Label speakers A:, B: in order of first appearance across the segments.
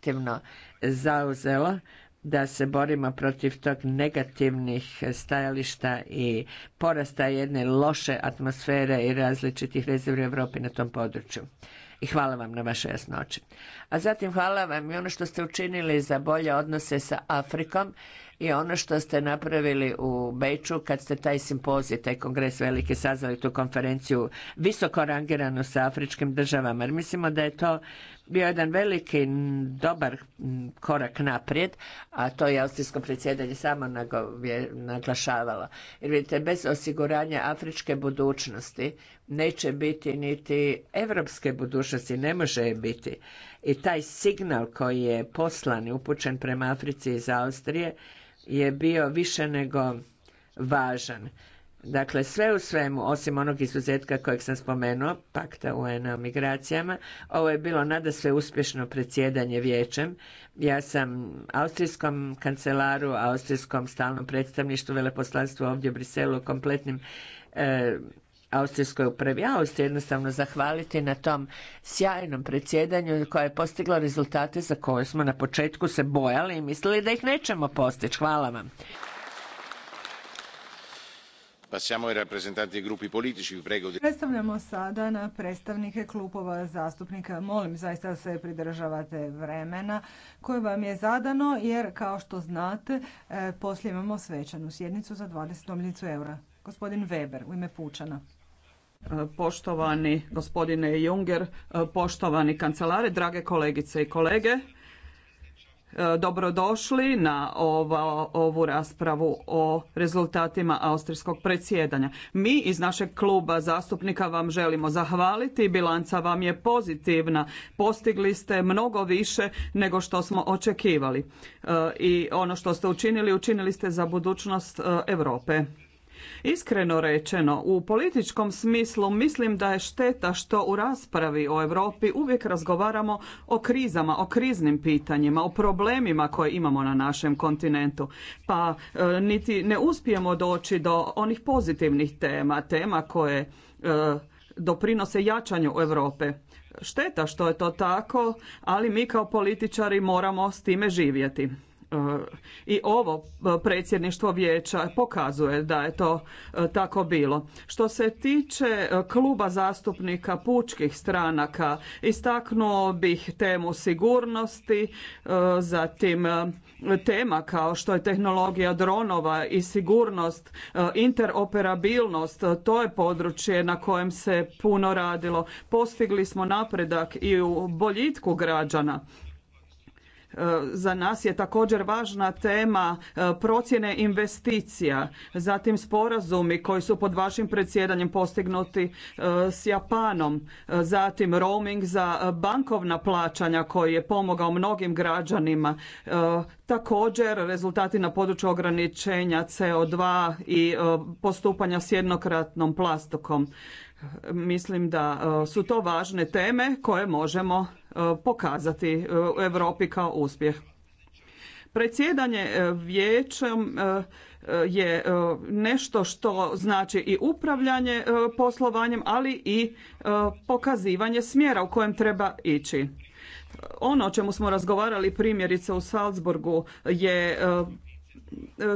A: aktivno zauzela da se borimo protiv tog negativnih stajališta i porasta jedne loše atmosfere i različitih rezervi u Europi na tom području. I hvala vam na vašoj jasnoći. A zatim hvala vam i ono što ste učinili za bolje odnose sa Afrikom i ono što ste napravili u Beču kad ste taj simpozij, taj kongres veliki sazvali tu konferenciju visoko rangiranu sa afričkim državama. Jer mislimo da je to bio jedan veliki dobar korak naprijed, a to je austrijsko predsjedanje samo naglašavalo. Jer vidite, bez osiguranja afričke budućnosti neće biti niti evropske budućnosti, ne može je biti. I taj signal koji je poslan i upućen prema Africi iz Austrije je bio više nego važan. Dakle, sve u svemu, osim onog izuzetka kojeg sam spomenuo, pakta UN o migracijama, ovo je bilo nada sve uspješno predsjedanje vijećem. Ja sam austrijskom kancelaru, austrijskom stalnom predstavništvu, veleposlanstvu ovdje u Briselu, kompletnim e, Austrijskoj upravi Austrije jednostavno zahvaliti na tom sjajnom predsjedanju koje je postiglo rezultate za koje smo na početku se bojali i mislili da ih nećemo postići. Hvala vam. Predstavljamo
B: sada na predstavnike klubova zastupnika. Molim zaista da se pridržavate vremena koje vam je zadano jer kao što znate e, poslije imamo svečanu sjednicu za 20 omljicu eura. Gospodin Weber u ime Pučana.
C: Poštovani gospodine Junger, poštovani kancelare, drage kolegice i kolege, dobrodošli na ovu raspravu o rezultatima austrijskog predsjedanja. Mi iz našeg kluba zastupnika vam želimo zahvaliti, bilanca vam je pozitivna, postigli ste mnogo više nego što smo očekivali e, i ono što ste učinili, učinili ste za budućnost e, Europe. Iskreno rečeno, u političkom smislu mislim da je šteta što u raspravi o Europi uvijek razgovaramo o krizama, o kriznim pitanjima, o problemima koje imamo na našem kontinentu. Pa e, niti ne uspijemo doći do onih pozitivnih tema, tema koje e, doprinose jačanju Europe. Šteta što je to tako, ali mi kao političari moramo s time živjeti. E, i ovo e, predsjedništvo vijeća pokazuje da je to e, tako bilo. Što se tiče kluba zastupnika pučkih stranaka, istaknuo bih temu sigurnosti, zatim tema kao što je tehnologija dronova i sigurnost, interoperabilnost, to je područje na kojem se puno radilo. Postigli smo napredak i u boljitku građana E, za nas je također važna tema e, procjene investicija, zatim sporazumi koji su pod vašim predsjedanjem postignuti e, s Japanom, zatim roaming za bankovna plaćanja koji je pomogao mnogim građanima, također rezultati na području ograničenja CO2 i postupanja s jednokratnom plastikom. Mislim da e, su to važne teme koje možemo e, pokazati e, u Europi kao uspjeh. Predsjedanje vijećem je nešto što znači i upravljanje poslovanjem, ali i pokazivanje smjera u kojem treba ići. Ono o čemu smo razgovarali primjerice u Salzburgu je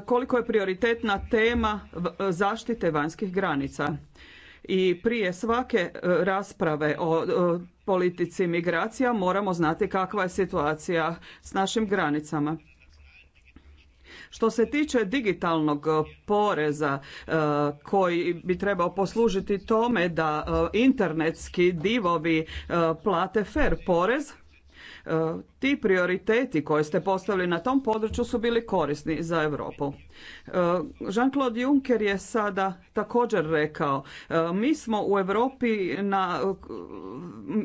C: koliko je prioritetna tema zaštite vanjskih granica i prije svake e, rasprave o politici migracija moramo znati kakva je situacija s našim granicama. Što se tiče digitalnog e, poreza e, koji bi trebao poslužiti tome da internetski divovi plate fer porez, E, ti prioriteti koje ste postavili na tom području su bili korisni za Europu. E, Jean-Claude Juncker je sada također rekao e, mi smo u Europi na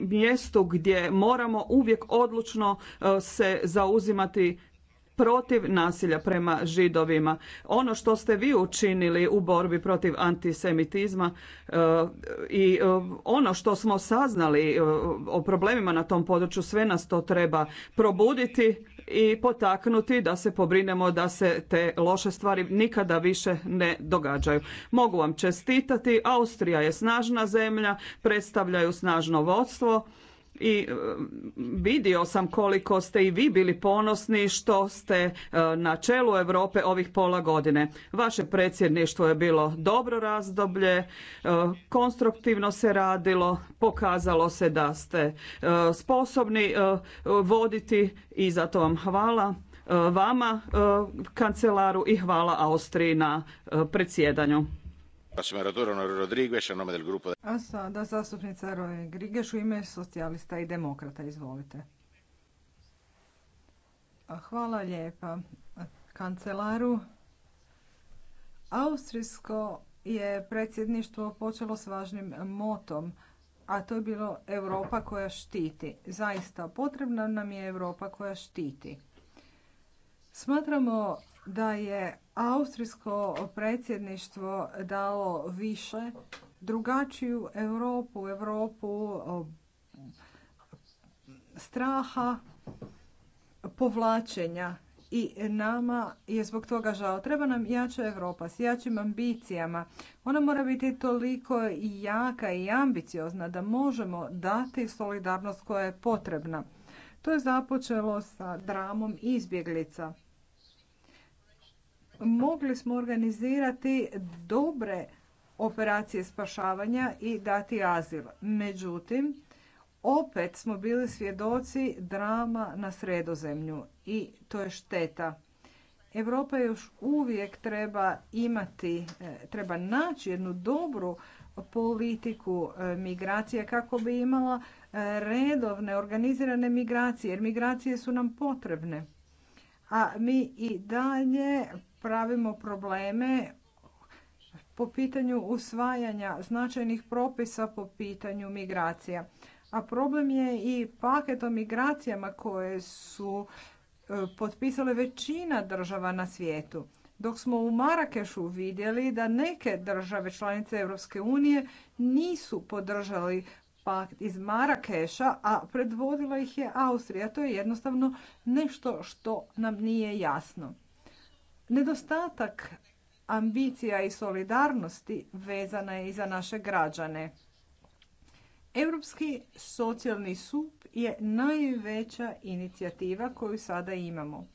C: mjestu gdje moramo uvijek odlučno se zauzimati protiv nasilja prema židovima. Ono što ste vi učinili u borbi protiv antisemitizma e, i e, ono što smo saznali e, o problemima na tom području, sve nas to treba probuditi i potaknuti da se pobrinemo da se te loše stvari nikada više ne događaju. Mogu vam čestitati, Austrija je snažna zemlja, predstavljaju snažno vodstvo i e, vidio sam koliko ste i vi bili ponosni što ste e, na čelu Europe ovih pola godine. Vaše predsjedništvo je bilo dobro razdoblje, e, konstruktivno se radilo, pokazalo se da ste sposobni voditi i zato vam hvala vama kancelaru i hvala Austriji na predsjedanju.
B: A sada zastupnica Roje Grigeš u ime socijalista i demokrata. Izvolite. Hvala lijepa kancelaru. Austrijsko je predsjedništvo počelo s važnim motom, a to je bilo Europa koja štiti. Zaista potrebna nam je Europa koja štiti. Smatramo da je austrijsko predsjedništvo dalo više drugačiju Europu, Europu straha, povlačenja i nama je zbog toga žao. Treba nam jača Europa s jačim ambicijama. Ona mora biti toliko jaka i ambiciozna da možemo dati solidarnost koja je potrebna. To je započelo sa dramom izbjeglica mogli smo organizirati dobre operacije spašavanja i dati azil. Međutim, opet smo bili svjedoci drama na sredozemlju i to je šteta. Europa još uvijek treba imati, e, treba naći jednu dobru politiku e, migracije kako bi imala e, redovne, organizirane migracije, jer migracije su nam potrebne. A mi i dalje pravimo probleme po pitanju usvajanja značajnih propisa po pitanju migracija. A problem je i paket o migracijama koje su e, potpisale većina država na svijetu. Dok smo u Marakešu vidjeli da neke države članice Europske unije nisu podržali pakt iz Marakeša, a predvodila ih je Austrija. To je jednostavno nešto što nam nije jasno. Nedostatak ambicija i solidarnosti vezana je i za naše građane. Europski socijalni sup je najveća inicijativa koju sada imamo.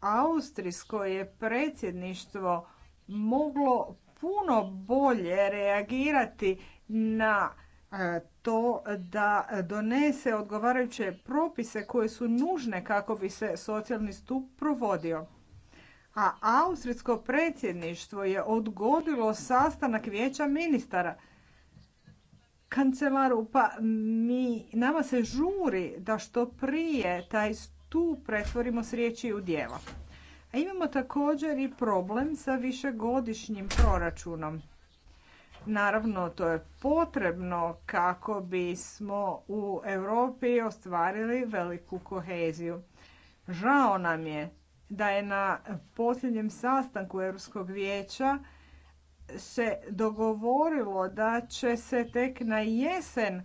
B: Austrijsko je predsjedništvo moglo puno bolje reagirati na e, to da donese odgovarajuće propise koje su nužne kako bi se socijalni stup provodio a austrijsko predsjedništvo je odgodilo sastanak vijeća ministara kancelaru pa nama se žuri da što prije taj tu pretvorimo s riječi u djela. A imamo također i problem sa višegodišnjim proračunom. Naravno, to je potrebno kako bismo u Europi ostvarili veliku koheziju. Žao nam je da je na posljednjem sastanku Europskog vijeća se dogovorilo da će se tek na jesen e,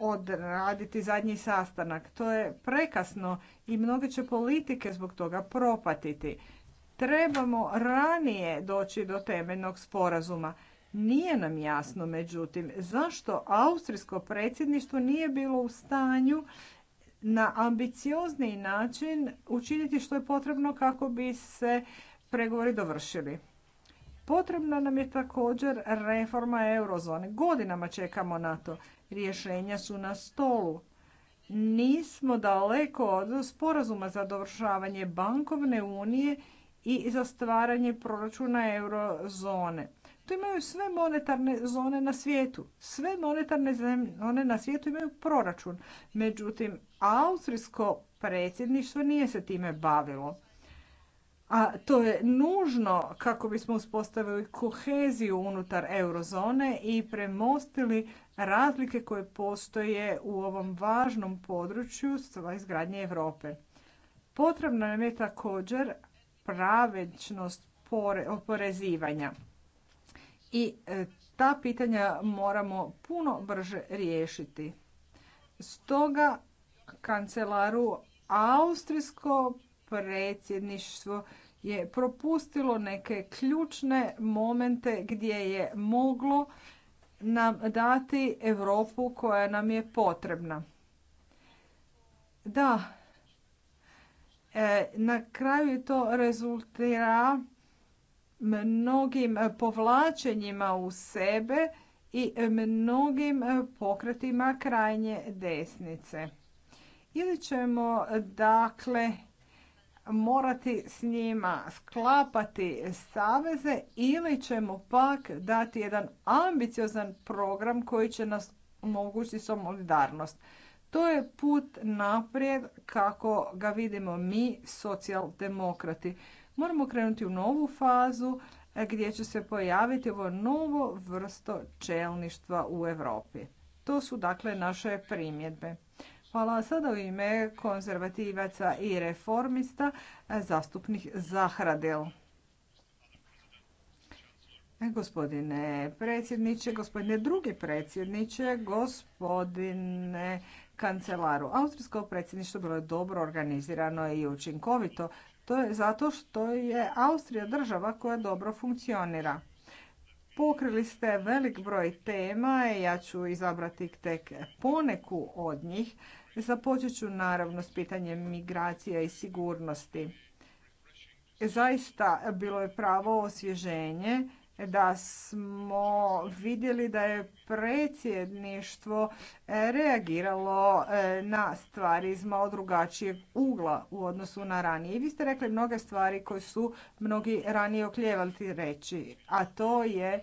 B: odraditi zadnji sastanak. To je prekasno i mnoge će politike zbog toga propatiti. Trebamo ranije doći do temeljnog sporazuma. Nije nam jasno, međutim, zašto austrijsko predsjedništvo nije bilo u stanju na ambiciozni način učiniti što je potrebno kako bi se pregovori dovršili. Potrebna nam je također reforma eurozone. Godinama čekamo na to. Rješenja su na stolu. Nismo daleko od sporazuma za dovršavanje bankovne unije i za stvaranje proračuna eurozone imaju sve monetarne zone na svijetu. Sve monetarne zone na svijetu imaju proračun. Međutim, austrijsko predsjedništvo nije se time bavilo. A to je nužno kako bismo uspostavili koheziju unutar eurozone i premostili razlike koje postoje u ovom važnom području izgradnje Europe. Potrebna nam je također pravičnost oporezivanja i e, ta pitanja moramo puno brže riješiti. Stoga kancelaru Austrijsko predsjedništvo je propustilo neke ključne momente gdje je moglo nam dati Europu koja nam je potrebna. Da, e, na kraju je to rezultira mnogim e, povlačenjima u sebe i e, mnogim e, pokretima krajnje desnice. Ili ćemo dakle morati s njima sklapati saveze ili ćemo pak dati jedan ambiciozan program koji će nas omogućiti solidarnost. To je put naprijed kako ga vidimo mi socijaldemokrati. Moramo krenuti u novu fazu e, gdje će se pojaviti ovo novo vrsto čelništva u Europi. To su dakle naše primjedbe. Hvala sada u ime konzervativaca i reformista e, zastupnih Zahradil. E, gospodine predsjedniče, gospodine drugi predsjedniče, gospodine kancelaru. Austrijsko predsjedništvo bilo je dobro organizirano i učinkovito to je zato što je Austrija država koja dobro funkcionira. Pokrili ste velik broj tema, ja ću izabrati tek poneku od njih. Započet ću naravno s pitanjem migracija i sigurnosti. Zaista bilo je pravo osvježenje da smo vidjeli da je predsjedništvo e, reagiralo e, na stvari iz malo drugačijeg ugla u odnosu na ranije. I vi ste rekli mnoge stvari koje su mnogi ranije okljevali reći, a to je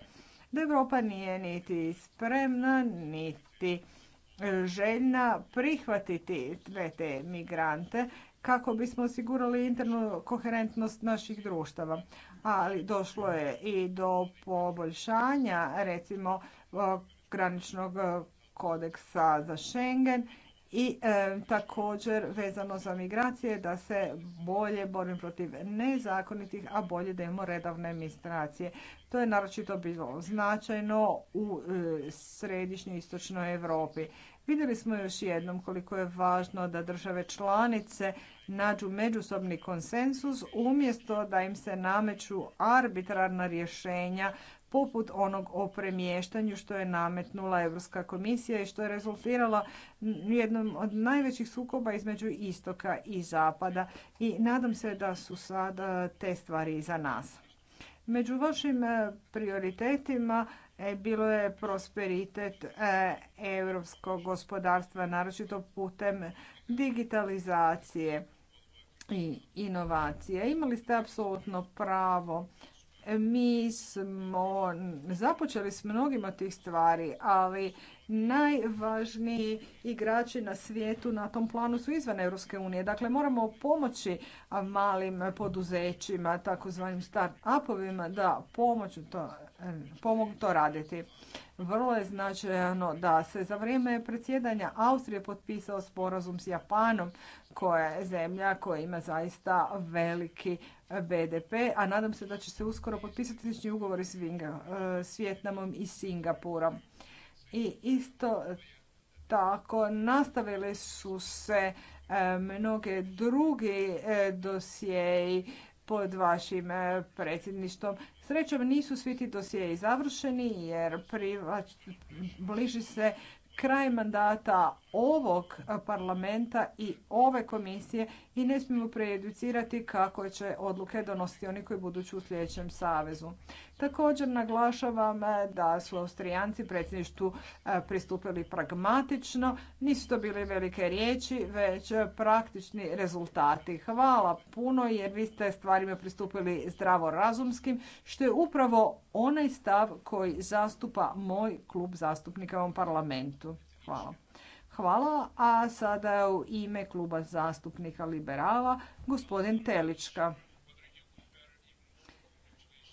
B: da Europa nije niti spremna, niti e, željna prihvatiti sve te migrante kako bismo osigurali internu koherentnost naših društava ali došlo je i do poboljšanja recimo e, graničnog e, kodeksa za Schengen i e, također vezano za migracije da se bolje borim protiv nezakonitih, a bolje da imamo redavne administracije. To je naročito bilo značajno u e, središnjoj istočnoj Europi. Vidjeli smo još jednom koliko je važno da države članice nađu međusobni konsensus umjesto da im se nameću arbitrarna rješenja poput onog o premještanju što je nametnula Europska komisija i što je rezultirala jednom od najvećih sukoba između istoka i zapada i nadam se da su sada te stvari iza nas. Među vašim e, prioritetima e, bilo je prosperitet europskog gospodarstva, naročito putem digitalizacije i inovacije. Imali ste apsolutno pravo. Mi smo započeli s mnogima tih stvari, ali najvažniji igrači na svijetu na tom planu su izvan Europske unije. Dakle, moramo pomoći malim poduzećima, takozvanim start-upovima, da to, pomogu to raditi. Vrlo je značajno da se za vrijeme predsjedanja Austrije potpisao sporazum s Japanom, koja je zemlja koja ima zaista veliki BDP, a nadam se da će se uskoro potpisati slični ugovori s, e, s i Singapurom. I isto tako nastavili su se e, mnoge drugi e, dosjeji pod vašim predsjedništvom Srećom nisu svi ti i završeni jer bliži se kraj mandata ovog parlamenta i ove komisije i ne smijemo preeducirati kako će odluke donositi oni koji budući u sljedećem savezu. Također naglašavam da su Austrijanci predsjedništvu e, pristupili pragmatično, nisu to bile velike riječi, već praktični rezultati. Hvala puno jer vi ste stvarima pristupili zdravorazumskim, što je upravo onaj stav koji zastupa moj klub zastupnika u ovom parlamentu. Hvala. Hvala, a sada u ime kluba zastupnika Liberala gospodin Telička.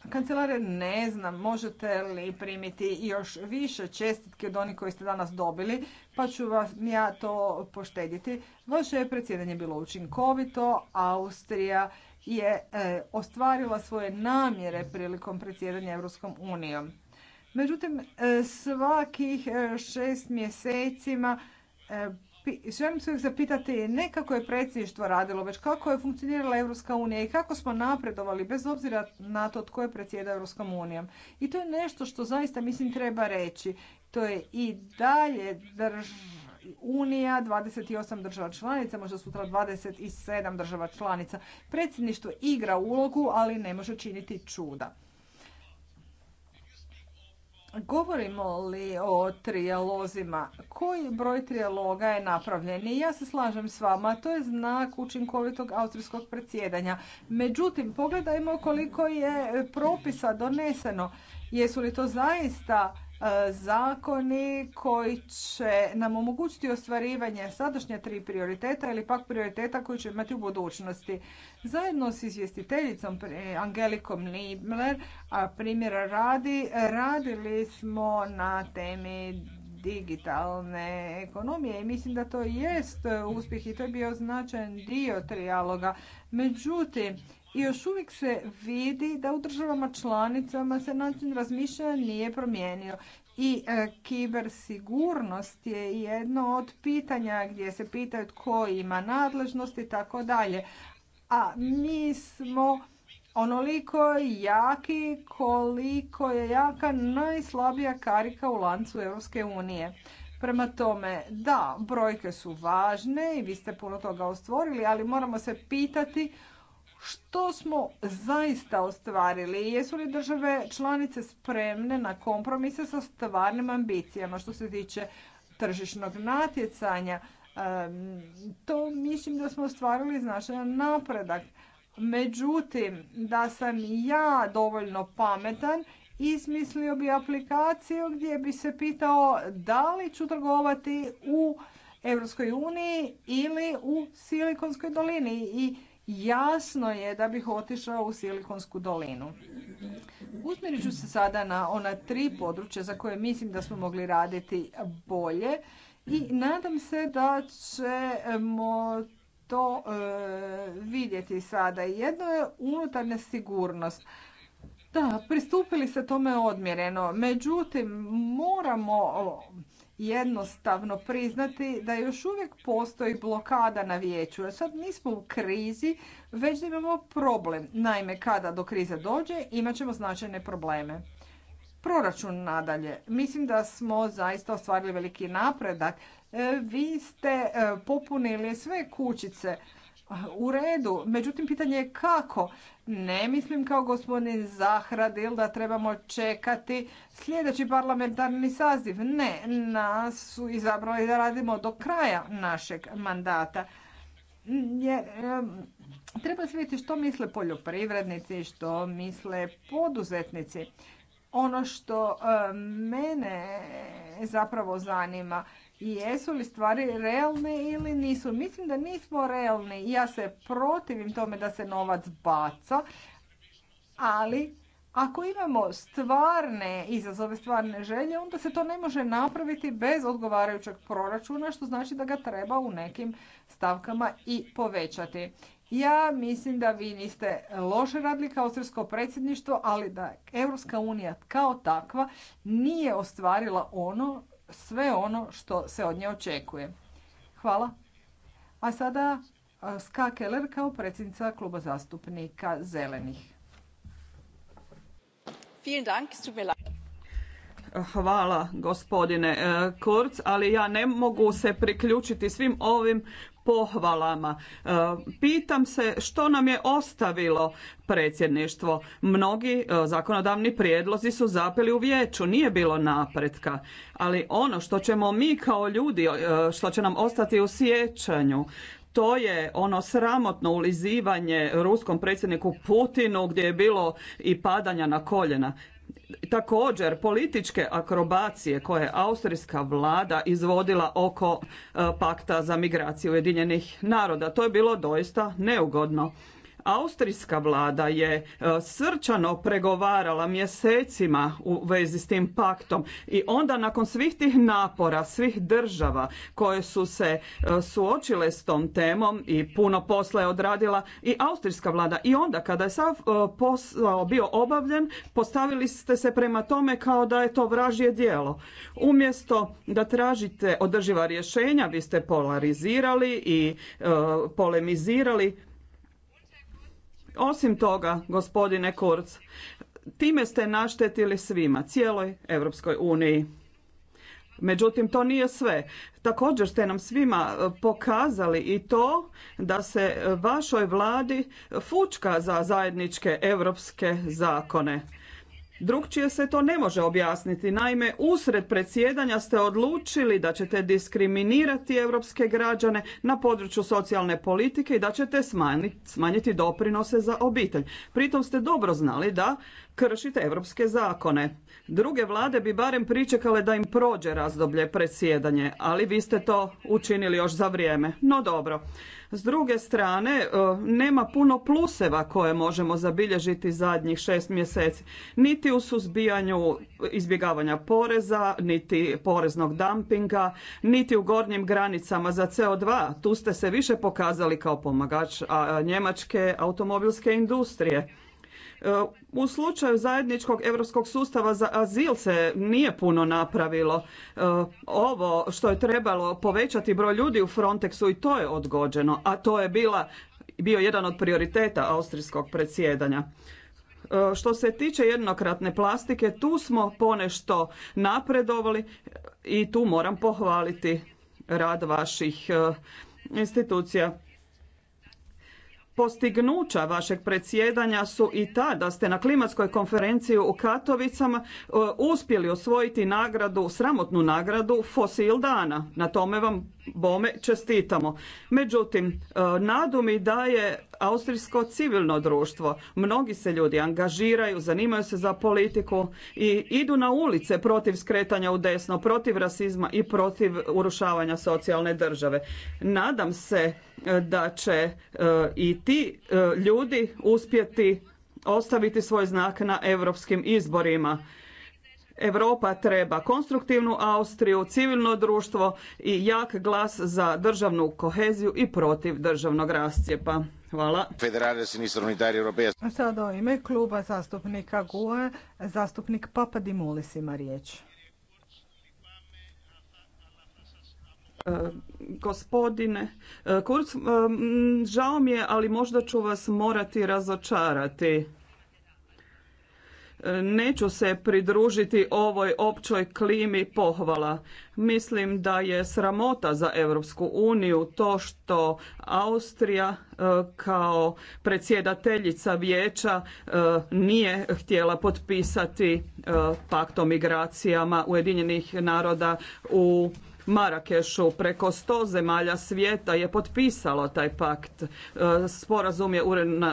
B: Kancelare, ne znam, možete li primiti još više čestitke od onih koji ste danas dobili, pa ću vam ja to poštediti. Vaše je predsjedanje bilo učinkovito, Austrija je e, ostvarila svoje namjere prilikom predsjedanja Europskom unijom. Međutim, e, svakih e, šest mjesecima e, želim se uvijek zapitati ne kako je predsjedništvo radilo, već kako je funkcionirala Europska unija i kako smo napredovali bez obzira na to tko je predsjedao Europskom unijom. I to je nešto što zaista mislim treba reći. To je i dalje drž... Unija, 28 država članica, možda sutra 27 država članica. Predsjedništvo igra ulogu, ali ne može činiti čuda. Govorimo li o trijalozima? Koji broj trijaloga je napravljen? I ja se slažem s vama, to je znak učinkovitog austrijskog predsjedanja. Međutim, pogledajmo koliko je propisa doneseno. Jesu li to zaista E, zakoni koji će nam omogućiti ostvarivanje sadašnja tri prioriteta ili pak prioriteta koji će imati u budućnosti. Zajedno s izvjestiteljicom e, Angelikom Nibler, a primjera radi, radili smo na temi digitalne ekonomije i mislim da to jest uspjeh i to je bio značajan dio trijaloga. Međutim, još uvijek se vidi da u državama članicama se način razmišljanja nije promijenio. I e, kibersigurnost je jedno od pitanja gdje se pitaju tko ima nadležnost i tako dalje. A mi smo onoliko jaki koliko je jaka najslabija karika u lancu Europske unije. Prema tome, da, brojke su važne i vi ste puno toga ostvorili, ali moramo se pitati što smo zaista ostvarili? Jesu li države članice spremne na kompromise sa stvarnim ambicijama što se tiče tržišnog natjecanja? To mislim da smo ostvarili značajan napredak. Međutim, da sam ja dovoljno pametan, izmislio bi aplikaciju gdje bi se pitao da li ću trgovati u Europskoj uniji ili u Silikonskoj dolini i jasno je da bih otišao u Silikonsku dolinu. Usmjerit ću se sada na ona tri područja za koje mislim da smo mogli raditi bolje i nadam se da ćemo to e, vidjeti sada. Jedno je unutarnja sigurnost. Da, pristupili se tome odmjereno. Međutim, moramo jednostavno priznati da još uvijek postoji blokada na vijeću. Jer sad nismo u krizi, već imamo problem. Naime, kada do krize dođe, imat ćemo značajne probleme. Proračun nadalje. Mislim da smo zaista ostvarili veliki napredak. E, vi ste e, popunili sve kućice u redu. Međutim, pitanje je kako. Ne mislim kao gospodin Zahradil da trebamo čekati sljedeći parlamentarni saziv. Ne, nas su izabrali da radimo do kraja našeg mandata. Jer, treba se vidjeti što misle poljoprivrednici, što misle poduzetnici. Ono što mene zapravo zanima jesu li stvari realne ili nisu. Mislim da nismo realni. Ja se protivim tome da se novac baca, ali ako imamo stvarne izazove, stvarne želje, onda se to ne može napraviti bez odgovarajućeg proračuna, što znači da ga treba u nekim stavkama i povećati. Ja mislim da vi niste loše radili kao srpsko predsjedništvo, ali da Europska unija kao takva nije ostvarila ono sve ono što se od nje očekuje. Hvala. A sada Ska Keller kao predsjednica kluba zastupnika Zelenih. Hvala gospodine e, Kurz,
C: ali ja ne mogu se priključiti svim ovim pohvalama. E, pitam se što nam je ostavilo predsjedništvo. Mnogi e, zakonodavni prijedlozi su zapeli u vijeću, nije bilo napretka. Ali ono što ćemo mi kao ljudi, e, što će nam ostati u sjećanju, to je ono sramotno ulizivanje ruskom predsjedniku Putinu gdje je bilo i padanja na koljena također političke akrobacije koje je austrijska vlada izvodila oko e, pakta za migraciju Ujedinjenih naroda. To je bilo doista neugodno. Austrijska vlada je e, srčano pregovarala mjesecima u vezi s tim paktom i onda nakon svih tih napora svih država koje su se e, suočile s tom temom i puno posla je odradila i austrijska vlada i onda kada je sav e, posao bio obavljen postavili ste se prema tome kao da je to vražje djelo. Umjesto da tražite održiva rješenja vi ste polarizirali i polemizirali osim toga, gospodine Kurz, time ste naštetili svima, cijeloj Europskoj uniji. Međutim, to nije sve. Također ste nam svima e, pokazali i to da se e, vašoj vladi fučka za zajedničke europske zakone. Drugčije se to ne može objasniti. Naime, usred predsjedanja ste odlučili da ćete diskriminirati europske građane na području socijalne politike i da ćete smanjiti doprinose za obitelj. Pritom ste dobro znali da kršite europske zakone. Druge vlade bi barem pričekale da im prođe razdoblje predsjedanje, ali vi ste to učinili još za vrijeme. No dobro. S druge strane, e, nema puno pluseva koje možemo zabilježiti zadnjih šest mjeseci. Niti u suzbijanju izbjegavanja poreza, niti poreznog dumpinga, niti u gornjim granicama za CO2. Tu ste se više pokazali kao pomagač Njemačke automobilske industrije. E, u slučaju zajedničkog europskog sustava za azil se nije puno napravilo. E, ovo što je trebalo povećati broj ljudi u Frontexu i to je odgođeno, a to je bila, bio jedan od prioriteta austrijskog predsjedanja. E, što se tiče jednokratne plastike, tu smo ponešto napredovali i tu moram pohvaliti rad vaših institucija postignuća vašeg predsjedanja su i ta da ste na klimatskoj konferenciji u Katovicama e, uspjeli osvojiti nagradu, sramotnu nagradu Fosil dana. Na tome vam Bome čestitamo. Međutim, e, nadu mi daje austrijsko civilno društvo. Mnogi se ljudi angažiraju, zanimaju se za politiku i idu na ulice protiv skretanja u desno, protiv rasizma i protiv urušavanja socijalne države. Nadam se e, da će e, i ti ljudi uspjeti ostaviti svoj znak na europskim izborima Europa treba konstruktivnu Austriju, civilno društvo i jak glas za državnu koheziju i protiv državnog rascijepa.
B: Hvala.
D: Federale sinistra unitarija Europeja.
B: Sada o ime kluba zastupnika GUE, zastupnik Papa Dimulis ima riječ.
C: E, gospodine e, Kurz, e, žao mi je, ali možda ću vas morati razočarati. Neću se pridružiti ovoj općoj klimi pohvala. Mislim da je sramota za Europsku uniju to što Austrija e, kao predsjedateljica vijeća e, nije htjela potpisati e, pakt o migracijama Ujedinjenih naroda u Marakešu. Preko sto zemalja svijeta je potpisalo taj pakt. Sporazum je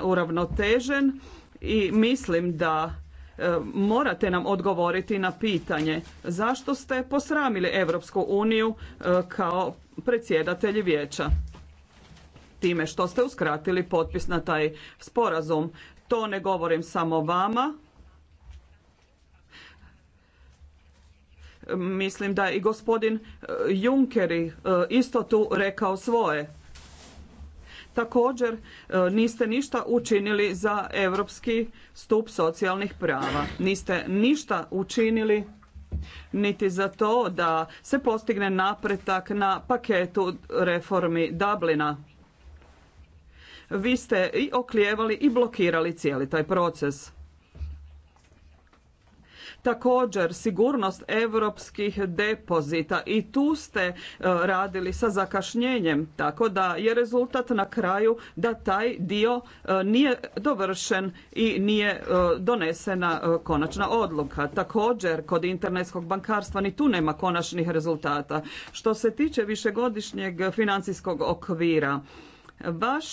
C: uravnotežen i mislim da E, morate nam odgovoriti na pitanje zašto ste posramili Europsku uniju e, kao predsjedatelji vijeća time što ste uskratili potpis na taj sporazum. To ne govorim samo vama. Mislim da je i gospodin e, Juncker isto tu rekao svoje. Također e, niste ništa učinili za europski stup socijalnih prava. Niste ništa učinili niti za to da se postigne napretak na paketu reformi Dublina. Vi ste i oklijevali i blokirali cijeli taj proces. Također, sigurnost europskih depozita i tu ste e, radili sa zakašnjenjem, tako da je rezultat na kraju da taj dio e, nije dovršen i nije e, donesena konačna odluka. Također, kod internetskog bankarstva ni tu nema konačnih rezultata. Što se tiče višegodišnjeg financijskog okvira, vaš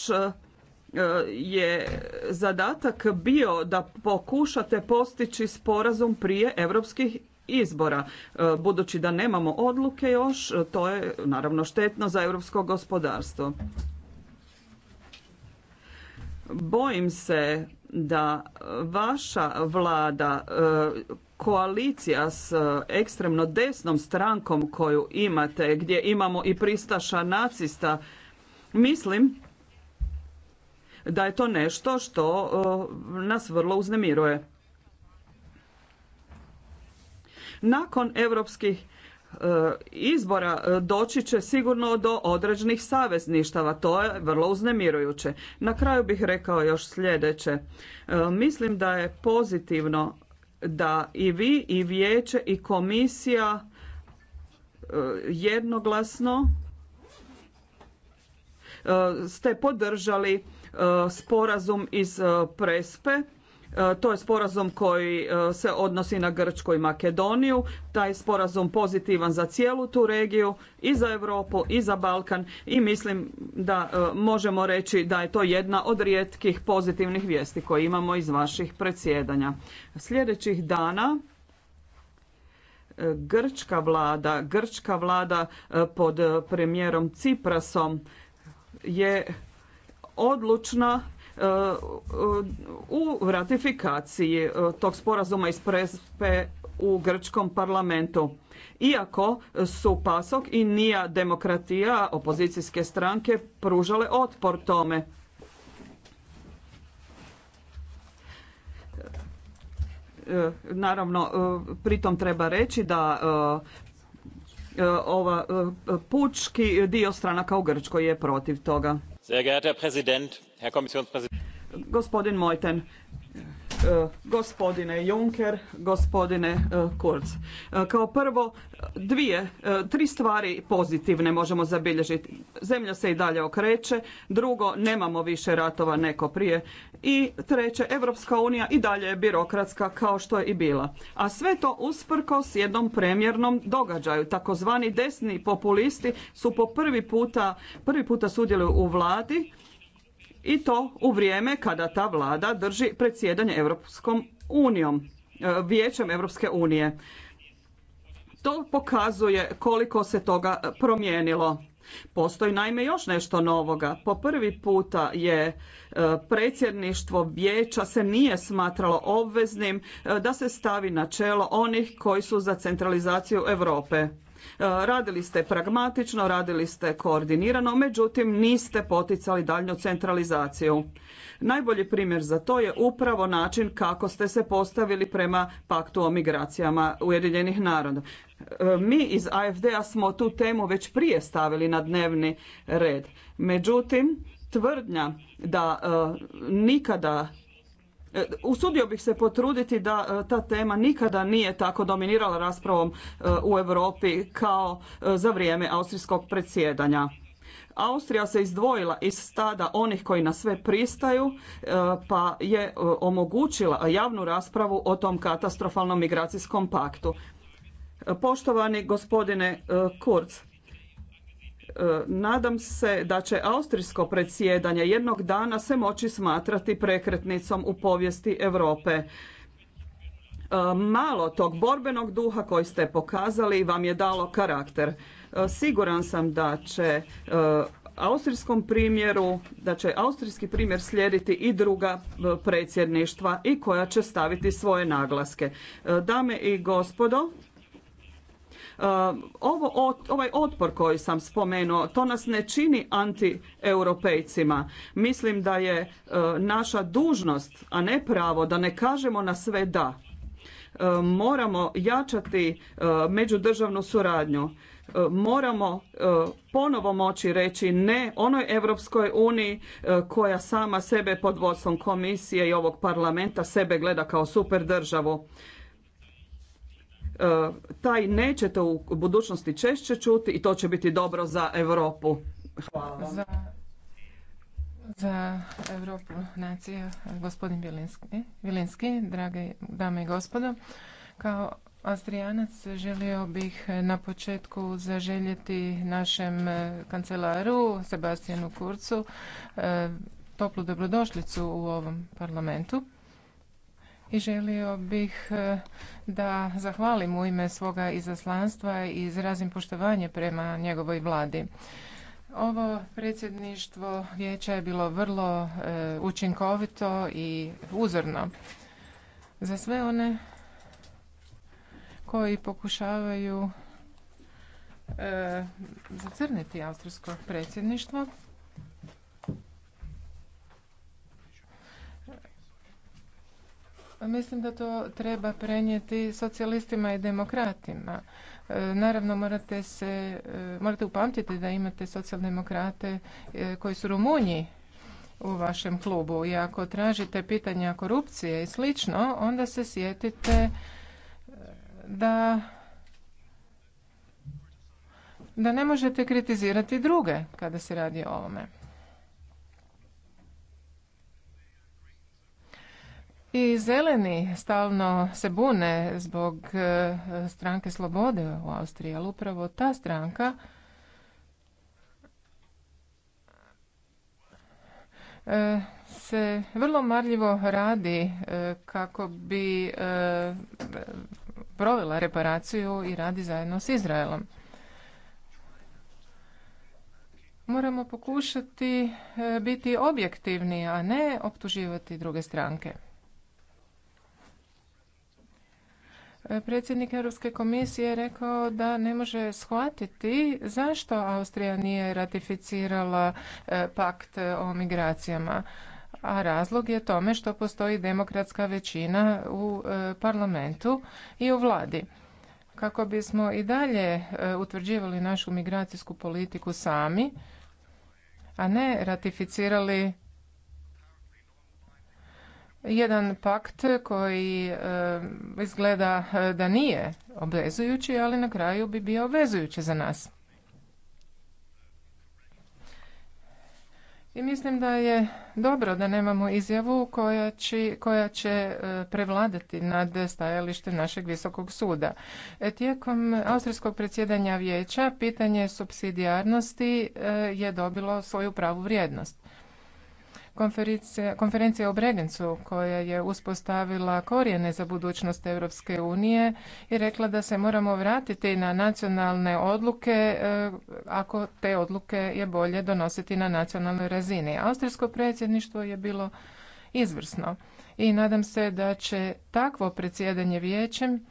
C: E, je zadatak bio da pokušate postići sporazum prije europskih izbora. E, budući da nemamo odluke još, to je naravno štetno za europsko gospodarstvo. Bojim se da vaša vlada e, koalicija s ekstremno desnom strankom koju imate, gdje imamo i pristaša nacista, mislim da je to nešto što eh, nas vrlo uznemiruje. Nakon europskih eh, izbora eh, doći će sigurno do određenih savezništava. To je vrlo uznemirujuće. Na kraju bih rekao još sljedeće. Mislim da je pozitivno da i vi i vijeće i komisija jednoglasno ste podržali sporazum iz e, Prespe. E, to je sporazum koji e, se odnosi na Grčku i Makedoniju. Taj sporazum pozitivan za cijelu tu regiju i za Europu i za Balkan i mislim da možemo reći da je to jedna od rijetkih pozitivnih vijesti koje imamo iz vaših predsjedanja. Sljedećih dana grčka vlada, grčka vlada pod premijerom Ciprasom je odlučna e, e, u ratifikaciji e, tog sporazuma iz Prespe u grčkom parlamentu. Iako su PASOK i Nija demokratija opozicijske stranke pružale otpor tome. Naravno, pritom treba reći da ova pučki dio stranaka u Grčkoj je protiv toga. Gospodin Mojten, gospodine Juncker, gospodine e, Kurz. E, kao prvo, dvije, e, tri stvari pozitivne možemo zabilježiti. Zemlja se i dalje okreće, drugo, nemamo više ratova neko prije i treće, Evropska unija i dalje je birokratska kao što je i bila. A sve to s jednom premjernom događaju. Takozvani desni populisti su po prvi puta, prvi puta sudjeluju u vladi i to u vrijeme kada ta vlada drži predsjedanje Europskom unijom, e, vijećem Europske unije. To pokazuje koliko se toga promijenilo. Postoji naime još nešto novoga. Po prvi puta je e, predsjedništvo vijeća se nije smatralo obveznim e, da se stavi na čelo onih koji su za centralizaciju Europe. E, radili ste pragmatično, radili ste koordinirano, međutim niste poticali daljnju centralizaciju. Najbolji primjer za to je upravo način kako ste se postavili prema paktu o migracijama Ujedinjenih naroda. E, mi iz AFD-a smo tu temu već prije stavili na dnevni red. Međutim, tvrdnja da e, nikada E, usudio bih se potruditi da e, ta tema nikada nije tako dominirala raspravom e, u Europi kao za vrijeme austrijskog predsjedanja. Austrija se izdvojila iz stada onih koji na sve pristaju, pa je omogućila javnu raspravu o tom katastrofalnom migracijskom paktu. Poštovani gospodine Kurz, E, nadam se da će austrijsko predsjedanje jednog dana se moći smatrati prekretnicom u povijesti Europe. E, malo tog borbenog duha koji ste pokazali vam je dalo karakter. E, siguran sam da će austrijskom primjeru, da će austrijski primjer slijediti i druga predsjedništva i koja će staviti svoje naglaske. Dame i gospodo, E, ovaj otpor koji sam spomenuo, to nas ne čini anti Mislim da je e, naša dužnost, a ne pravo, da ne kažemo na sve da. E, moramo jačati međudržavnu suradnju moramo ponovo moći reći ne onoj Europskoj uniji koja sama sebe pod vodstvom komisije i ovog parlamenta sebe gleda kao super državu. E, taj nećete u budućnosti češće čuti i to će biti dobro za Europu. Hvala vam. Za,
E: za Europu nacija, gospodin Vilinski, Vilinski, drage dame i gospodo, kao Austrijanac želio bih na početku zaželjeti našem e, kancelaru Sebastianu Kurcu e, toplu dobrodošlicu u ovom parlamentu i želio bih e, da zahvalim u ime svoga izaslanstva i izrazim poštovanje prema njegovoj vladi. Ovo predsjedništvo vijeća je bilo vrlo e, učinkovito i uzorno. Za sve one koji pokušavaju e, zacrniti austrijsko predsjedništvo, Mislim da to treba prenijeti socijalistima i demokratima. E, naravno morate se, e, morate upamtiti da imate socijaldemokrate e, koji su Rumunji u vašem klubu i ako tražite pitanja korupcije i slično, onda se sjetite da da ne možete kritizirati druge kada se radi o ovome. I zeleni stalno se bune zbog e, stranke slobode u Austriji, ali upravo ta stranka e, se vrlo marljivo radi e, kako bi provela reparaciju i radi zajedno s Izraelom. Moramo pokušati biti objektivni, a ne optuživati druge stranke. Predsjednik Europske komisije je rekao da ne može shvatiti zašto Austrija nije ratificirala e, pakt o migracijama a razlog je tome što postoji demokratska većina u e, parlamentu i u vladi. Kako bismo i dalje e, utvrđivali našu migracijsku politiku sami, a ne ratificirali jedan pakt koji eh, izgleda eh, da nije obvezujući, ali na kraju bi bio obvezujući za nas. I mislim da je dobro da nemamo izjavu koja će, koja će eh, prevladati nad stajalištem našeg visokog suda. E, tijekom austrijskog predsjedanja vijeća pitanje subsidijarnosti je dobilo svoju pravu vrijednost. Konferencija o Bregencu koja je uspostavila korijene za budućnost Europske unije i rekla da se moramo vratiti na nacionalne odluke e, ako te odluke je bolje donositi na nacionalnoj razini. Austrijsko predsjedništvo je bilo izvrsno i nadam se da će takvo predsjedanje vijećem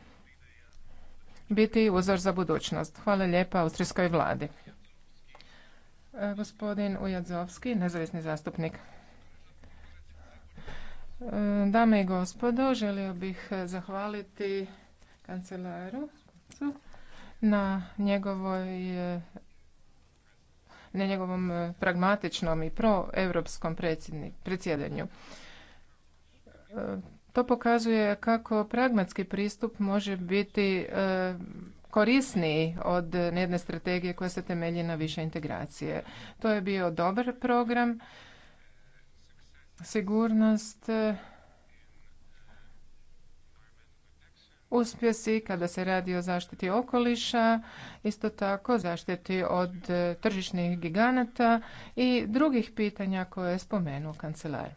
E: biti uzor za budućnost. Hvala lijepa austrijskoj vladi. E, gospodin Ujadzovski, nezavisni zastupnik. Dame i gospodo, želio bih zahvaliti kancelaru na njegovoj na njegovom pragmatičnom i proevropskom predsjedanju. To pokazuje kako pragmatski pristup može biti e, korisniji od jedne strategije koja se temelji na više integracije. To je bio dobar program sigurnost eh, uspjesi kada se radi o zaštiti okoliša, isto tako zaštiti od eh, tržišnih giganata i drugih pitanja koje je spomenuo kancelar.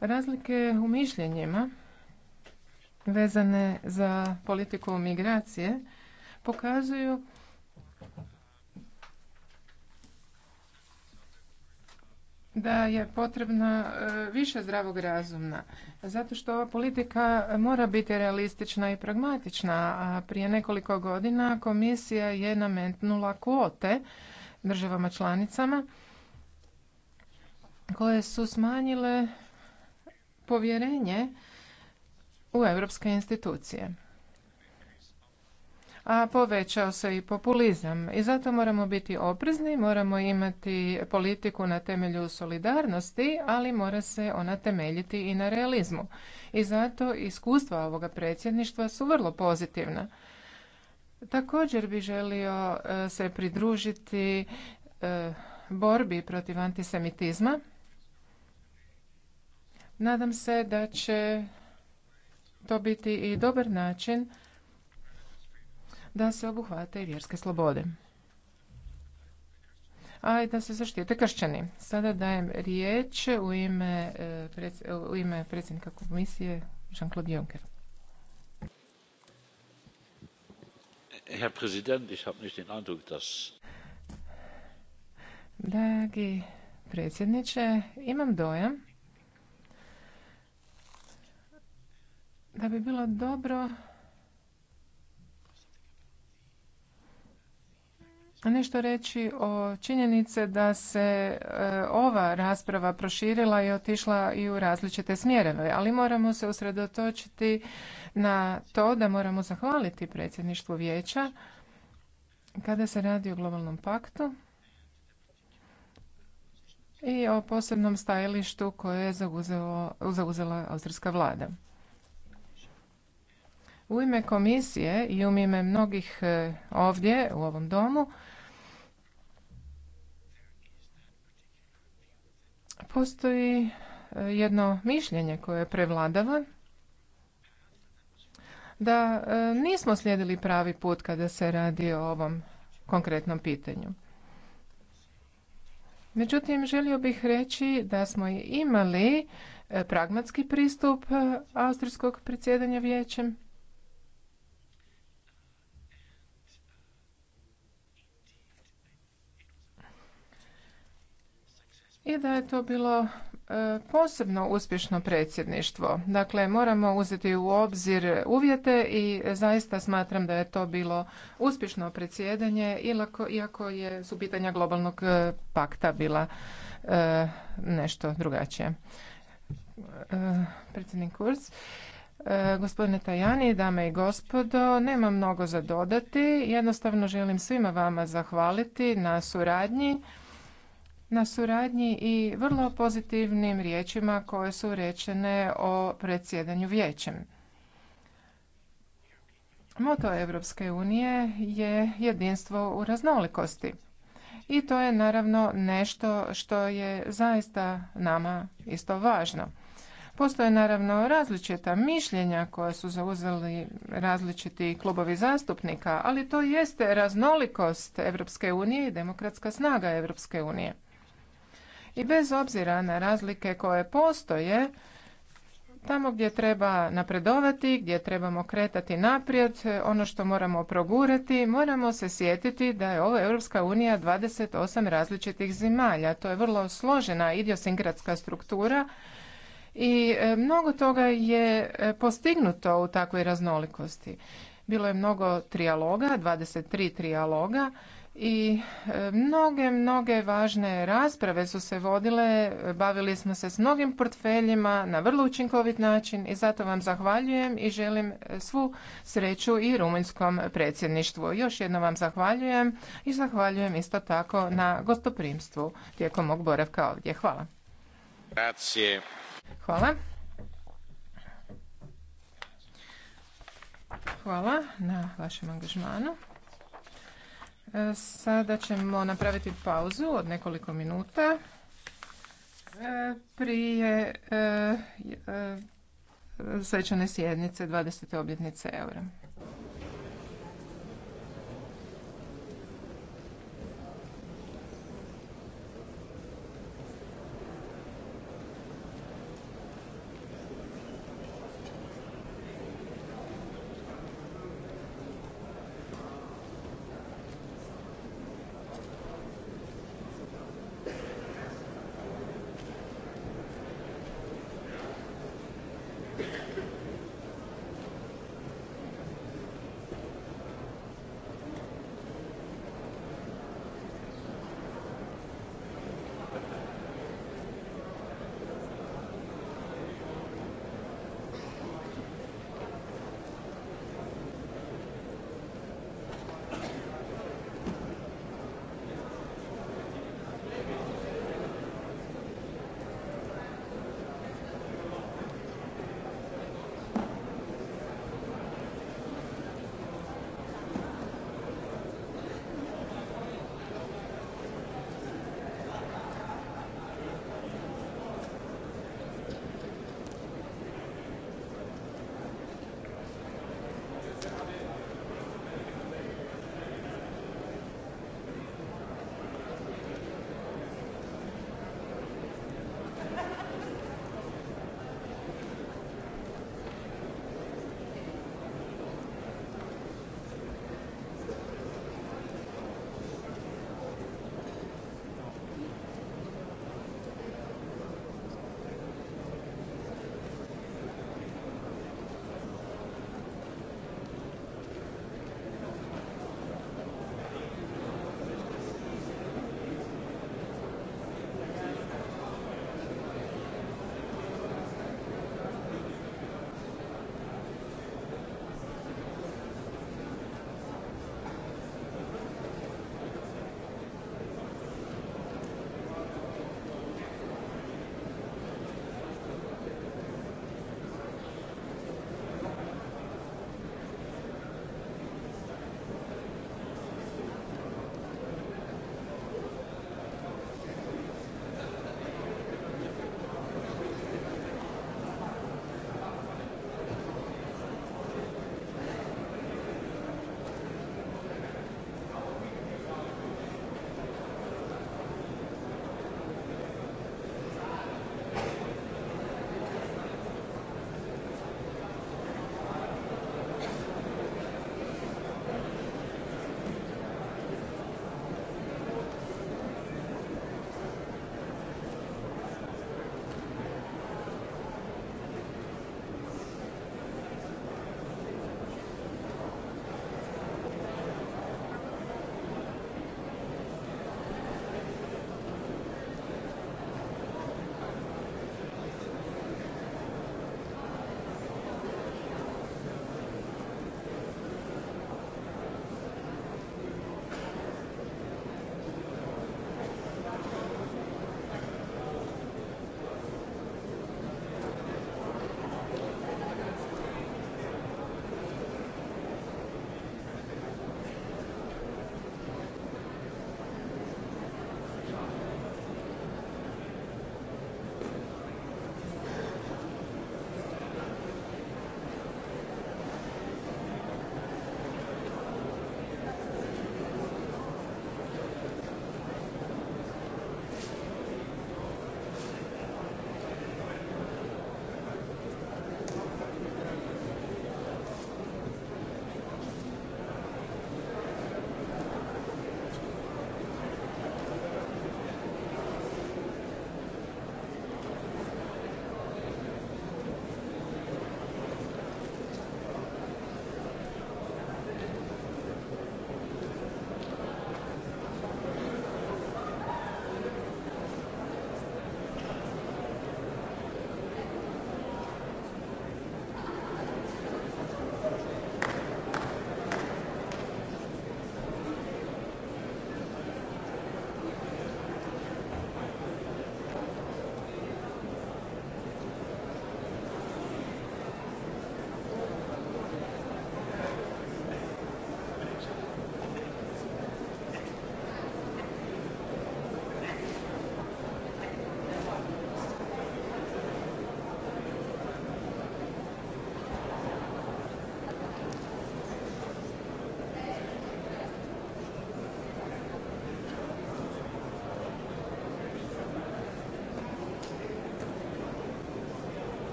E: Razlike u mišljenjima vezane za politiku migracije pokazuju da je potrebna e, više zdravog razumna. Zato što ova politika mora biti realistična i pragmatična, a prije nekoliko godina komisija je nametnula kvote državama članicama koje su smanjile povjerenje u europske institucije a povećao se i populizam. I zato moramo biti oprezni, moramo imati politiku na temelju solidarnosti, ali mora se ona temeljiti i na realizmu. I zato iskustva ovoga predsjedništva su vrlo pozitivna. Također bi želio e, se pridružiti e, borbi protiv antisemitizma. Nadam se da će to biti i dobar način da se obuhvate i vjerske slobode. A i da se zaštite kršćani. Sada dajem riječ u ime, e, e, u ime predsjednika komisije Jean-Claude Juncker.
B: Herr Präsident, ich habe nicht den Eindruck, dass
E: Dragi predsjedniče, imam dojam da bi bilo dobro nešto reći o činjenice da se e, ova rasprava proširila i otišla i u različite smjerove, ali moramo se usredotočiti na to da moramo zahvaliti predsjedništvu vijeća kada se radi o globalnom paktu i o posebnom stajalištu koje je zauzela austrijska vlada. U ime komisije i u ime mnogih e, ovdje u ovom domu Postoji e, jedno mišljenje koje je prevladava da e, nismo slijedili pravi put kada se radi o ovom konkretnom pitanju. Međutim, želio bih reći da smo imali e, pragmatski pristup austrijskog predsjedanja vijećem i da je to bilo e, posebno uspješno predsjedništvo. Dakle, moramo uzeti u obzir uvjete i zaista smatram da je to bilo uspješno predsjedanje, iako je su pitanja globalnog e, pakta bila e, nešto drugačije. Predsjednik Kurz. Gospodine Tajani, dame i gospodo, nema mnogo za dodati. Jednostavno želim svima vama zahvaliti na suradnji na suradnji i vrlo pozitivnim riječima koje su rečene o predsjedanju vijećem. Moto Europske unije je jedinstvo u raznolikosti. I to je naravno nešto što je zaista nama isto važno. Postoje naravno različita mišljenja koja su zauzeli različiti klubovi zastupnika, ali to jeste raznolikost Europske unije i demokratska snaga Europske unije. I bez obzira na razlike koje postoje, tamo gdje treba napredovati, gdje trebamo kretati naprijed, ono što moramo progurati, moramo se sjetiti da je ovo Europska unija 28 različitih zemalja. To je vrlo složena idiosinkratska struktura i e, mnogo toga je e, postignuto u takvoj raznolikosti. Bilo je mnogo trijaloga, 23 trijaloga i e, mnoge, mnoge važne rasprave su se vodile, bavili smo se s mnogim portfeljima na vrlo učinkovit način i zato vam zahvaljujem i želim svu sreću i rumunjskom predsjedništvu. Još jedno vam zahvaljujem i zahvaljujem isto tako na gostoprimstvu tijekom mog boravka ovdje. Hvala.
D: Grazie.
E: Hvala. Hvala na vašem angažmanu. E, sada ćemo napraviti pauzu od nekoliko minuta e, prije e, svečane sjednice 20. obljetnice eura.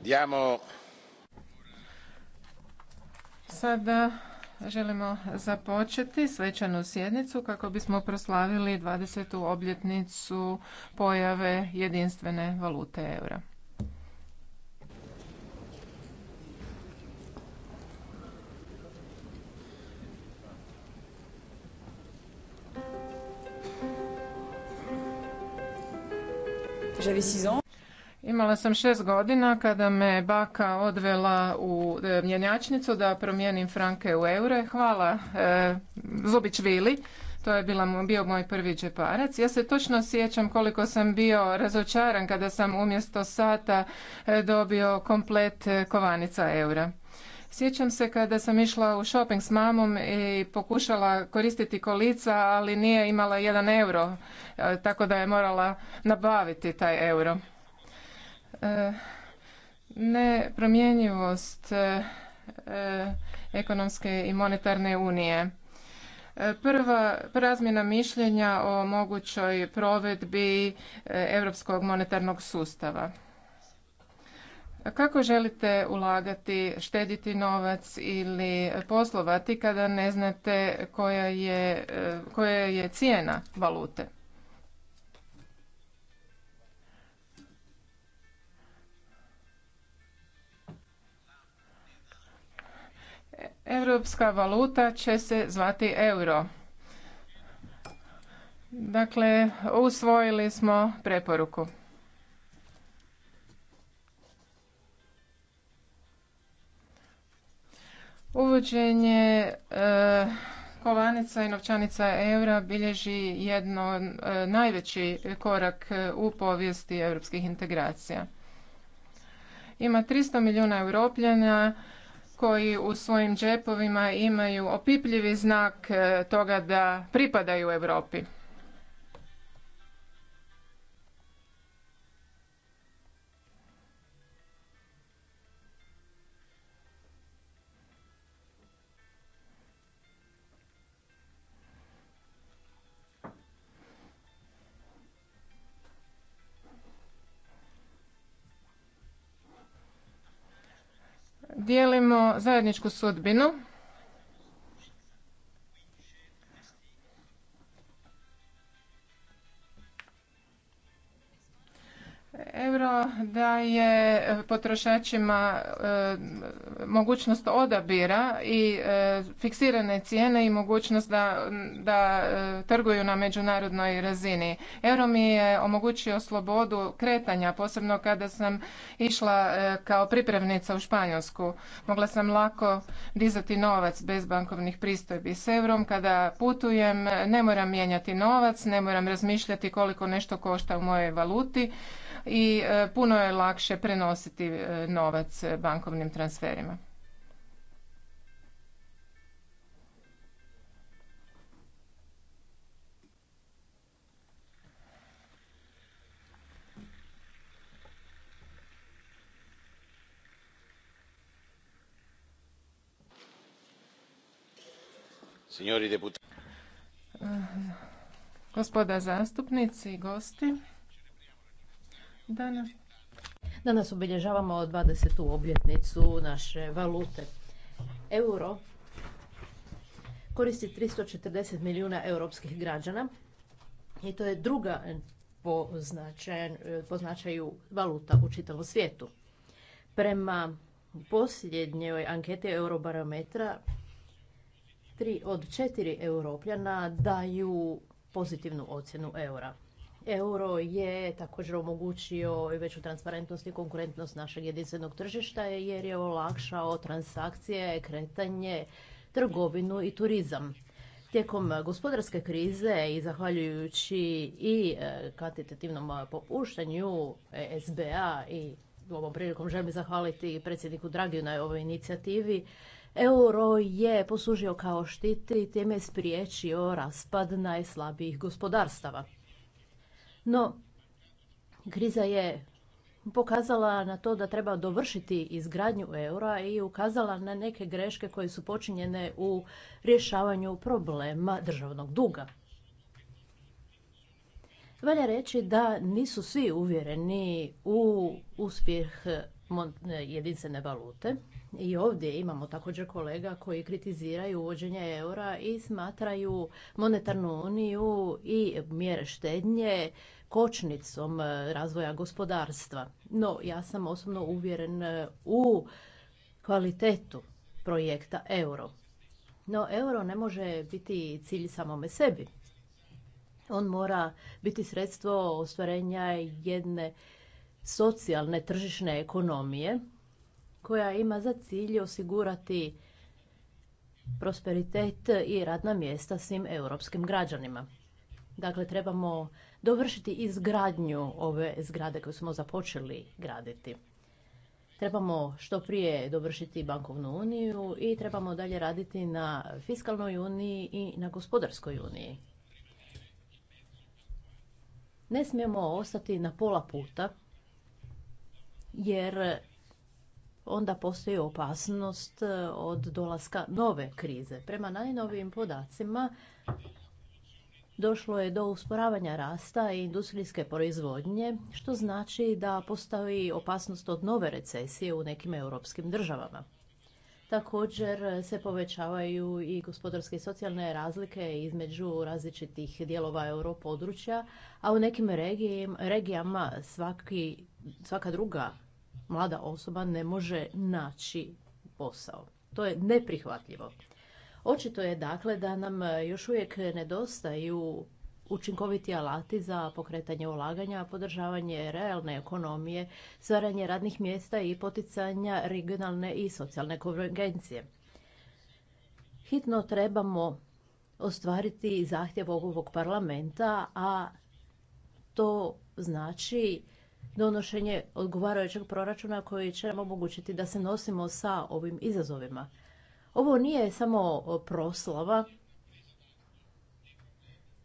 E: Diamo... Sada želimo započeti svečanu sjednicu kako bismo proslavili 20. obljetnicu pojave jedinstvene valute eura. Žavi 6 imala sam šest godina kada me baka odvela u e, mjenjačnicu da promijenim franke u eure. Hvala e, Vili. To je bio moj prvi džeparac. Ja se točno sjećam koliko sam bio razočaran kada sam umjesto sata e, dobio komplet e, kovanica eura. Sjećam se kada sam išla u shopping s mamom i pokušala koristiti kolica, ali nije imala jedan euro, tako da je morala nabaviti taj euro. E, nepromjenjivost e, e, ekonomske i monetarne unije. Prva razmjena mišljenja o mogućoj provedbi europskog monetarnog sustava. Kako želite ulagati, štediti novac ili poslovati kada ne znate koja je, koja je cijena valute? europska valuta će se zvati euro. Dakle, usvojili smo preporuku. Uvođenje e, kovanica i novčanica eura bilježi jedno e, najveći korak e, u povijesti europskih integracija. Ima 300 milijuna europljana koji u svojim džepovima imaju opipljivi znak e, toga da pripadaju Europi. dijelimo zajedničku sudbinu je potrošačima e, mogućnost odabira i e, fiksirane cijene i mogućnost da, da e, trguju na međunarodnoj razini. Euro mi je omogućio slobodu kretanja, posebno kada sam išla kao pripravnica u Španjolsku. Mogla sam lako dizati novac bez bankovnih pristojbi s eurom. Kada putujem ne moram mijenjati novac, ne moram razmišljati koliko nešto košta u mojoj valuti i e, puno je lakše prenositi e, novac bankovnim transferima. E, gospoda zastupnici i gosti.
D: Danas, Danas obilježavamo 20. obljetnicu naše valute. Euro koristi 340 milijuna europskih građana i to je druga po značaju, valuta u čitavom svijetu. Prema posljednjoj anketi Eurobarometra, tri od četiri europljana daju pozitivnu ocjenu eura. Euro je također omogućio i veću transparentnost i konkurentnost našeg jedinstvenog tržišta jer je olakšao transakcije, kretanje, trgovinu i turizam. Tijekom gospodarske krize i zahvaljujući i e, kvantitativnom popuštanju e SBA i ovom prilikom želim zahvaliti predsjedniku Dragiju na ovoj inicijativi, euro je poslužio kao štiti i time spriječio raspad najslabijih gospodarstava. No, kriza je pokazala na to da treba dovršiti izgradnju eura i ukazala na neke greške koje su počinjene u rješavanju problema državnog duga. Valja reći da nisu svi uvjereni u uspjeh jedinstvene valute. I ovdje imamo također kolega koji kritiziraju uvođenje eura i smatraju monetarnu uniju i mjere štednje kočnicom razvoja gospodarstva. No, ja sam osobno uvjeren u kvalitetu projekta euro. No, euro ne može biti cilj samome sebi. On mora biti sredstvo ostvarenja jedne socijalne tržišne ekonomije koja ima za cilj osigurati prosperitet i radna mjesta svim europskim građanima. Dakle, trebamo dovršiti izgradnju ove zgrade koju smo započeli graditi. Trebamo što prije dovršiti bankovnu uniju i trebamo dalje raditi na fiskalnoj uniji i na gospodarskoj uniji. Ne smijemo ostati na pola puta, jer onda postoji opasnost e, od dolaska nove krize. Prema najnovijim podacima došlo je do usporavanja rasta i industrijske proizvodnje, što znači da postoji opasnost od nove recesije u nekim europskim državama. Također se povećavaju i gospodarske i socijalne razlike između različitih dijelova europodručja, a u nekim regijama svaka druga mlada osoba ne može naći posao. To je neprihvatljivo. Očito je dakle da nam još uvijek nedostaju učinkoviti alati za pokretanje ulaganja, podržavanje realne ekonomije, stvaranje radnih mjesta i poticanja regionalne i socijalne konvergencije. Hitno trebamo ostvariti zahtjev ovog parlamenta, a to znači donošenje odgovarajućeg proračuna koji će nam omogućiti da se nosimo sa ovim izazovima. Ovo nije samo proslava,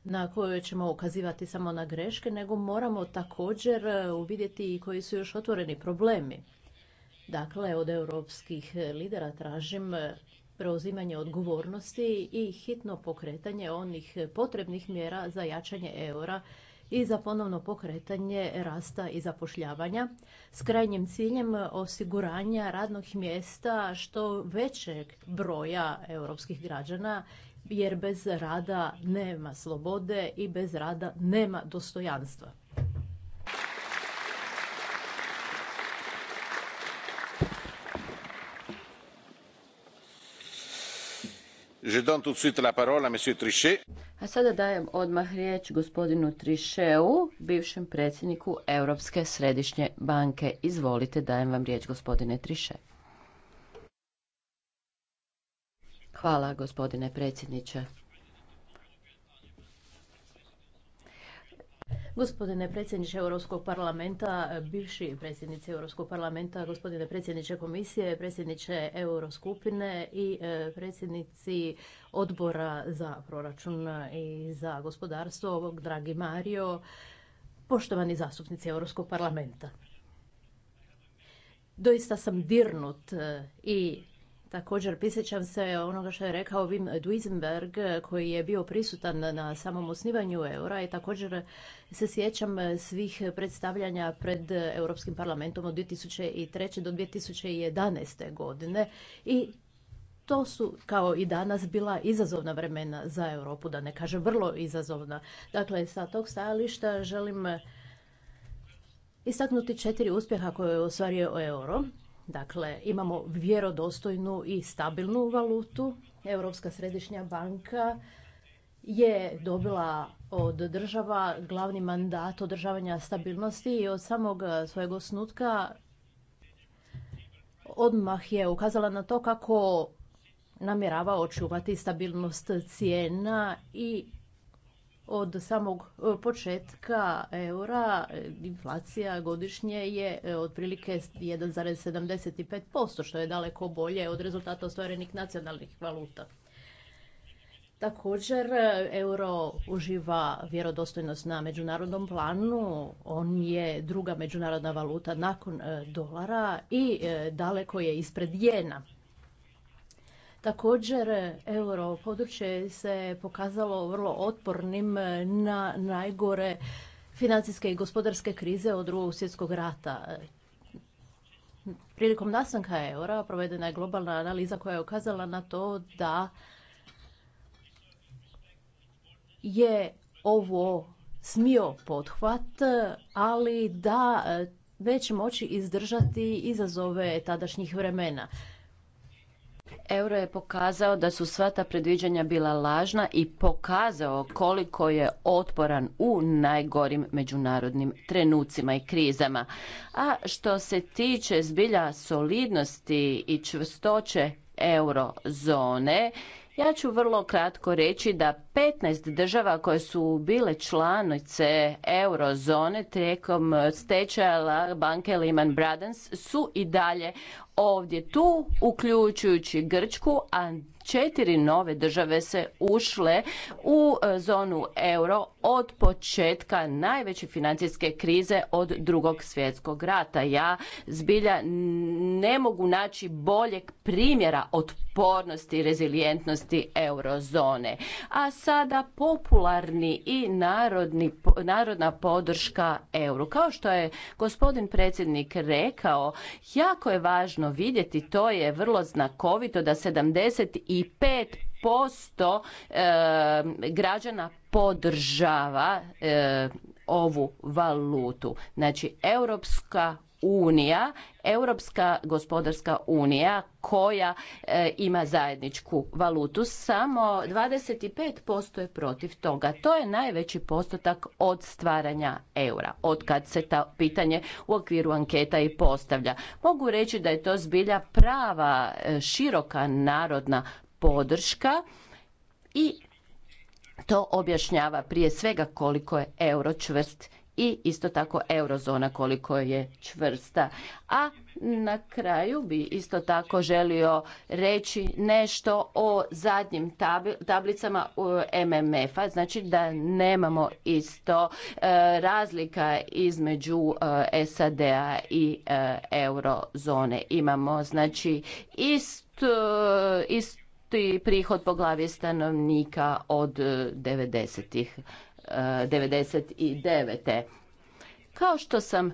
D: na kojoj ćemo ukazivati samo na greške, nego moramo također e, uvidjeti i koji su još otvoreni problemi. Dakle, od europskih lidera tražim e, preuzimanje odgovornosti i hitno pokretanje onih potrebnih mjera za jačanje eura i za ponovno pokretanje rasta i zapošljavanja s krajnjim ciljem osiguranja radnog mjesta što većeg broja europskih građana jer bez rada nema slobode i bez rada nema dostojanstva.
F: A sada dajem odmah riječ gospodinu trišeu bivšem predsjedniku Europske središnje banke. Izvolite, dajem vam riječ gospodine Tricheu. Hvala, gospodine predsjedniče.
D: Gospodine predsjedniče Europskog parlamenta, bivši predsjednici Europskog parlamenta, gospodine predsjedniče komisije, predsjedniče Euroskupine i e, predsjednici odbora za proračun i za gospodarstvo, ovog dragi Mario, poštovani zastupnici Europskog parlamenta. Doista sam dirnut e, i Također, prisjećam se onoga što je rekao Wim Duisenberg, koji je bio prisutan na samom osnivanju eura i također se sjećam svih predstavljanja pred Europskim parlamentom od 2003. do 2011. godine i to su kao i danas bila izazovna vremena za Europu, da ne kažem vrlo izazovna. Dakle, sa tog stajališta želim istaknuti četiri uspjeha koje je ostvario euro. Dakle, imamo vjerodostojnu i stabilnu valutu. Europska središnja banka je dobila od država glavni mandat održavanja stabilnosti i od samog svojeg osnutka odmah je ukazala na to kako namjerava očuvati stabilnost cijena i od samog e, početka eura e, inflacija godišnje je e, otprilike 1,75%, što je daleko bolje od rezultata ostvarenih nacionalnih valuta. Također, euro uživa vjerodostojnost na međunarodnom planu. On je druga međunarodna valuta nakon dolara i daleko je ispred jena. Također, euro područje se pokazalo vrlo otpornim na najgore financijske i gospodarske krize od drugog svjetskog rata. Prilikom nastanka eura provedena je globalna analiza koja je ukazala na to da je ovo smio pothvat, ali da već moći izdržati izazove tadašnjih vremena.
F: Euro je pokazao da su sva ta predviđanja bila lažna i pokazao koliko je otporan u najgorim međunarodnim trenucima i krizama. A što se tiče zbilja solidnosti i čvrstoće eurozone, ja ću vrlo kratko reći da 15 država koje su bile članice eurozone tijekom stečaja banke Lehman Brothers su i dalje ovdje tu, uključujući Grčku, a četiri nove države se ušle u e, zonu euro od početka najveće financijske krize od drugog svjetskog rata. Ja zbilja ne mogu naći boljeg primjera otpornosti i rezilijentnosti eurozone. A sada popularni i narodni, narodna podrška euro. Kao što je gospodin predsjednik rekao, jako je važno vidjeti, to je vrlo znakovito da 70 posto eh, građana podržava eh, ovu valutu znači europska unija europska gospodarska unija koja eh, ima zajedničku valutu samo 25% je protiv toga to je najveći postotak od stvaranja eura od kad se ta pitanje u okviru anketa i postavlja mogu reći da je to zbilja prava široka narodna podrška i to objašnjava prije svega koliko je euro čvrst i isto tako eurozona koliko je čvrsta. A na kraju bi isto tako želio reći nešto o zadnjim tablicama MMF-a, znači da nemamo isto e, razlika između e, SAD-a i e, eurozone. Imamo znači rasti prihod po glavi stanovnika od 90 e, 99. E, Kao što sam